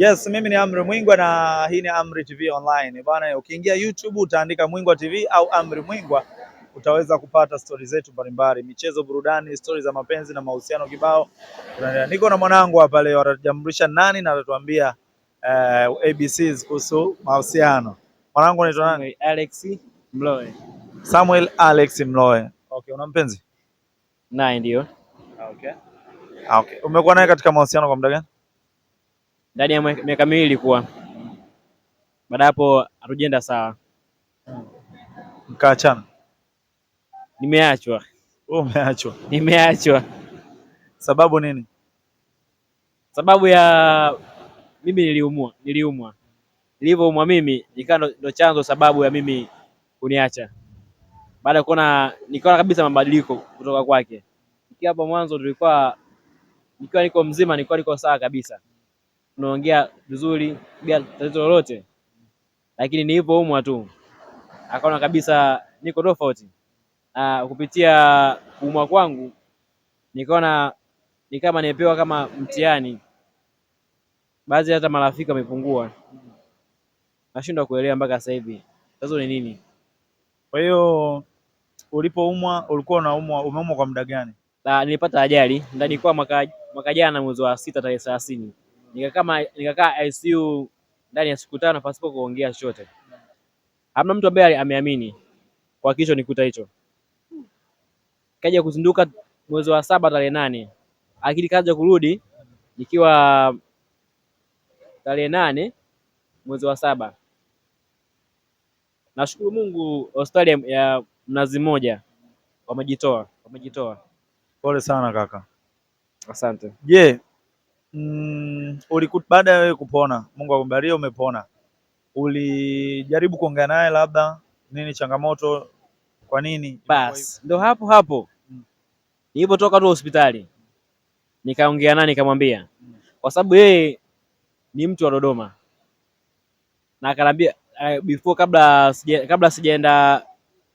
Yes, mimi ni Amri Mwingwa na hii ni Amri TV Online. Bwana, ukiingia YouTube utaandika Mwingwa TV au Amri Mwingwa utaweza kupata stori zetu mbalimbali, michezo, burudani, stori za mapenzi na mahusiano kibao. Niko na mwanangu hapa leo, atajambulisha nani na atatuambia uh, eh, ABCs kuhusu mahusiano. Mwanangu anaitwa nani? Alex Mloe. Samuel Alex Mloe. Okay, una mpenzi? Naye ndio. Okay. Okay. Umekuwa naye katika mahusiano kwa muda gani? ndani ya miaka miwili kuwa Baada hapo hatujenda sawa, mkaachana. Nimeachwa. Wewe oh, umeachwa? Nimeachwa. Sababu nini? Sababu ya mimi niliumwa, niliumwa nilivyoumwa mimi nikawa ndo chanzo sababu ya mimi kuniacha. Baada ya kuona, nikaona kabisa mabadiliko kutoka kwake. Nikiwa hapo mwanzo tulikuwa, nikiwa niko mzima, nilikuwa niko sawa kabisa unaongea vizuri bila tatizo lolote, lakini nilipoumwa tu akaona kabisa niko tofauti. Uh, kupitia kuumwa kwangu nikaona ni kama nimepewa kama mtihani. Baadhi hata marafiki wamepungua, nashindwa kuelewa mpaka sasa hivi tatizo ni nini. Kwa hiyo ulipoumwa ulikuwa unaumwa, umeumwa kwa muda gani? nilipata ajali ndani kwa mwaka jana mwezi wa sita tarehe thelathini nikakaa nikakaa ICU ndani ya siku tano pasipo kuongea chochote. Hamna mtu ambaye ameamini kwa kisho nikuta hicho. Kaja kuzinduka mwezi wa saba tarehe nane, akili kaja kurudi nikiwa tarehe nane mwezi wa saba. Nashukuru Mungu, hospitali ya Mnazi Mmoja wamejitoa, wamejitoa. Pole sana kaka, asante. Je, yeah mm, ulikuta baada ya wewe kupona, Mungu akubariki, umepona, ulijaribu kuongea naye labda nini changamoto, kwa nini? bas ndo hapo hapo mm. nilipotoka tu hospitali nikaongea naye nikamwambia mm. kwa sababu yeye ni mtu wa Dodoma na akaniambia eh, before kabla sija, kabla sijaenda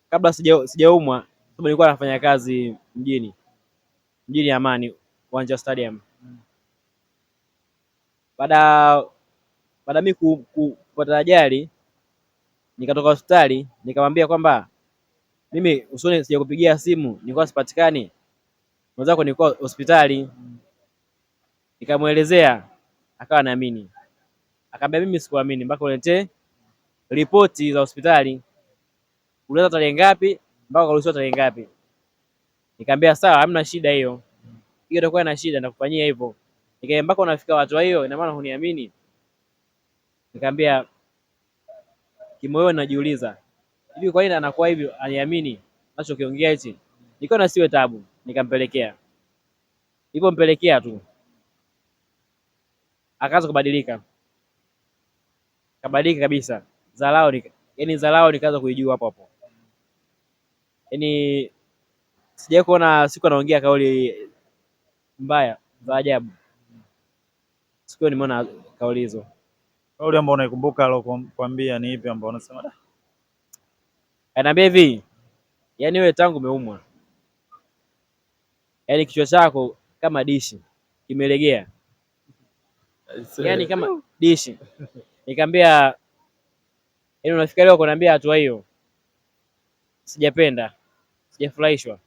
kabla sijaumwa sija, nilikuwa nafanya kazi mjini mjini Amani Uwanja Stadium baada baada mimi kupata ajali nikatoka hospitali, nikamwambia kwamba mimi usoni sijakupigia simu, nilikuwa sipatikani, mwenzako nilikuwa hospitali. Nikamwelezea, akawa naamini, akaambia mimi sikuamini mpaka uletee ripoti za hospitali, ulianza tarehe ngapi mpaka ukaruhusiwa tarehe ngapi. Nikamwambia sawa, hamna shida hiyo, hiyo itakuwa na shida, nakufanyia hivyo Nikaambia mpaka unafika watu hiyo, ina maana huniamini? Nikamwambia kimoyo najiuliza, hivi kwa nini anakuwa hivyo, aniamini nachokiongea hichi? Nikaona siwe tabu, nikampelekea hivyo, mpelekea tu akaanza kubadilika, kabadilika kabisa. ni yani, zalao nikaanza kuijua hapo hapo, yani sijai kuona siku anaongea kauli mbaya za ajabu sikio nimeona kauli hizo. Kauli ambayo unaikumbuka alokuambia ni ipi ambayo unasema Anaambia hivi, yaani wewe tangu umeumwa, yaani kichwa chako kama dishi kimelegea, yaani kama dishi. Nikamwambia yaani unafika leo kuniambia hatua hiyo, sijapenda, sijafurahishwa.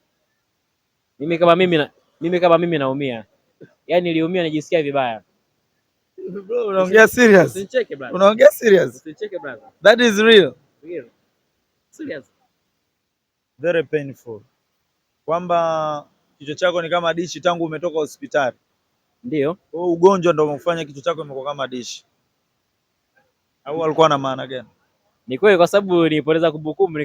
Mimi kama mimi na, mimi kama mimi naumia, yaani niliumia, najisikia vibaya Unaongea serious? brother. Unaongea serious? brother. That is real. Real. Serious. Very painful. Kwamba kichwa chako ni kama dishi tangu umetoka hospitali. Ndio. Kwa ugonjwa ndio umefanya kichwa chako imekuwa kama dishi. Au alikuwa na maana gani? Ni kweli kwa sababu nilipoteza kumbukumbu